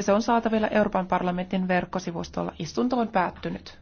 Se on saatavilla Euroopan parlamentin verkkosivustolla. Istunto on päättynyt.